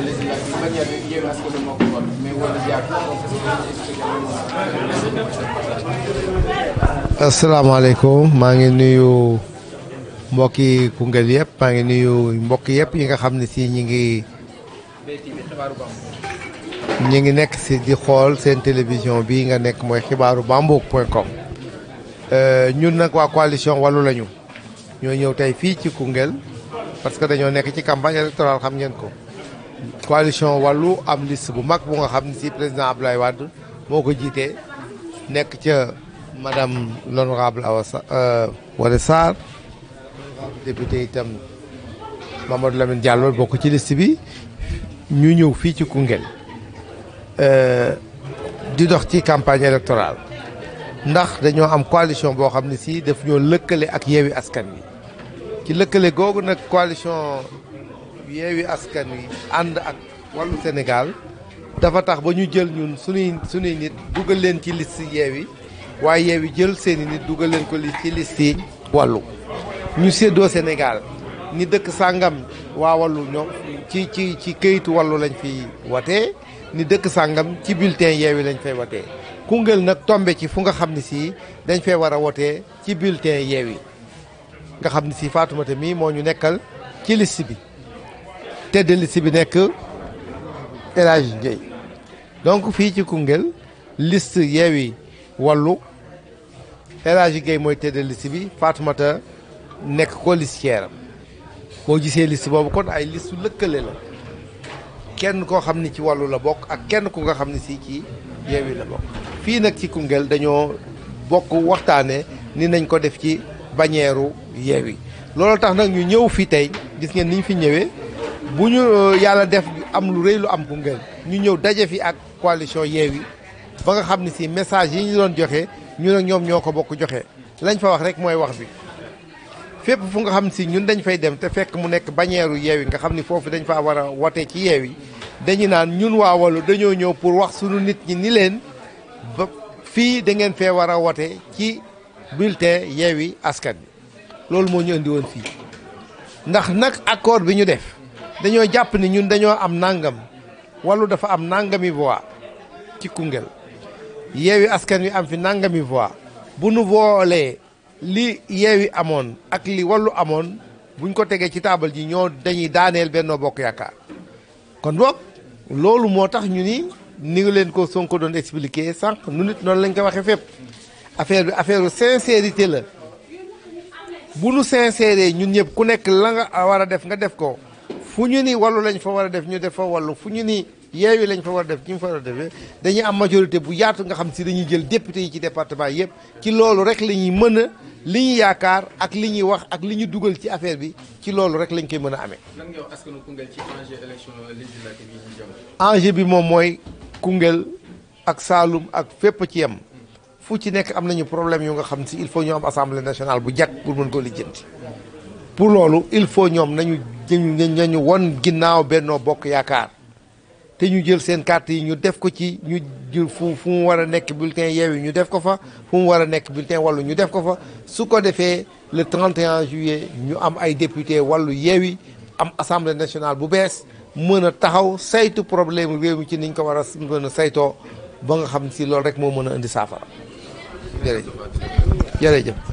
élection législative maa ngi nuyu mbokki Koungheul yëpp maa ngi nuyu mbokk yëpp yi nga xam ne si ñi ngi. ñi ngi nekk si di xool seen télévision bii nga nekk mooy xibaaru bambouk point com euh, ñun nag waa coalition wàllu lañu ñoo ñëw tey fii ci Koungheul parce que dañoo nekk ci campagne électorale xam ngeen ko coalition wàllu am liste bu mag bu nga xam ne si président Abdoulaye Wade moo ko jiitee nekk ca madame l'honorable Awa euh, Wade Sarr député itam Mamadou Lamine Diallo bokk ci list bi ñu ñëw fii ci Koungheul euh, di dox ci campagne électorale ndax dañoo am coalition boo xam ne si daf ñoo lëkkale ak yeewi askan wi ci lëkkale googu nag coalition yeewi askan wi ànd ak wàllu Sénégal dafa tax ba ñu jël ñun suñuy suñuy nit dugal leen ci liste yeewi waaye yeewi jël seeni nit dugal leen ko li ci liste yi wàllu ñu séddoo Sénégal ni dëkk sàngam waa wàllu ñoom ci ci ci këyitu wàllu lañ fiy watee ni dëkk sàngam ci bulletin yeewi lañ fay watee Koungheul nag tombe ci fu nga xam ne si dañ fay war a wotee ci bulletin yeewi nga xam ne si Fatoumata mii moo ñu nekkal ci liste bi tête de bi nekk El Hadj Ndiaye fii ci Koungheul list Yewwi Wallu El Hadj Gueye mooy tête de liste bi Fatoumata nekk ko listière am boo gisee list boobu kon ay listu lëkkale la kenn koo xam ni ci wàllu la bokk ak kenn ku nga xam ni si ci Yewwi la bokk fii nag ci Koungheul dañoo bokk waxtaane ni nañ ko def ci bañeeru Yewwi loolu tax nag ñu ñëw fii tey gis ngeen ni fi ñëwee bu ñu euh, yàlla def am lu rëy lu am Koungheul ñu ñëw daje fi ak coalition Yewwi ba nga xam ne si message yi ñu doon joxe ñu ak ñoom ñoo ko bokk joxe lañ fa wax rek mooy wax bi fépp fu nga xam si ñun dañ fay dem te fekk mu nekk bañeeru Yewwi nga xam ni foofu dañ faa war a wote ci Yewwi dañu naan ñun waa Wallu dañoo ñëw pour wax suñu nit ñi ni leen ba fii da ngeen fee war a wote ci bulletin Yewwi Askan Wi loolu moo ñu indi woon fii ndax nag accord bi ñu def dañoo jàpp ni ñun dañoo am nangam wallu dafa am nangami voix ci Koungheul yeewi askan wi am fi nangami voix bu nu boolee li yeewi amoon ak li wallu amoon buñ ko tegee ci taabal ji ñoo dañuy daaneel Benno Bokk Yaakaar kon boog loolu moo tax ñu ni ni leen ko Sonko doon expliqué sànq nu nit noonu lañ ko waxee fépp affaire bi affaire sincérité la bu nu sincéré ñun ñëpp ku nekk la nga war a def nga def ko. fu ñu nii wàllu lañ fa war a def ñu def fa wàllu fu ñu ni yeewi lañ fa war a def ñu fa war a defee dañuy am majorité bu yaatu nga xam si dañuy jël député yi ci département yëpp ci loolu rek la ñuy mën a li yaakaar ak li ñuy wax ak li ñu dugal ci affaire bi ci loolu rek lañ koy mën a amee. lan nga wax askanu Koungheul ci enjeu bi moom mooy Koungheul ak Saloum ak fépp ci yem fu ci nekk am nañu problème yu nga xam si il faut ñu am assemblée nationale bu jag pour mën koo lijjanti. pour loolu il faut ñoom nañu nañu won ginnaaw Benno Bokk Yaakaar te ñu jël seen carte yi ñu def ko ci ñu fu fu mu war a nekk bulletin Yewwi ñu def ko fa fu mu war a nekk bulletin Wallu ñu def ko fa su ko defee le 31 juillet ñu am ay député Wallu Yewwi am assemblée nationale bu bees mën a taxaw saytu problème réew mi ci niñ ko war a mën a saytoo ba nga xam si loolu rek moo mën a indi saafara jërëjëf jërëjëf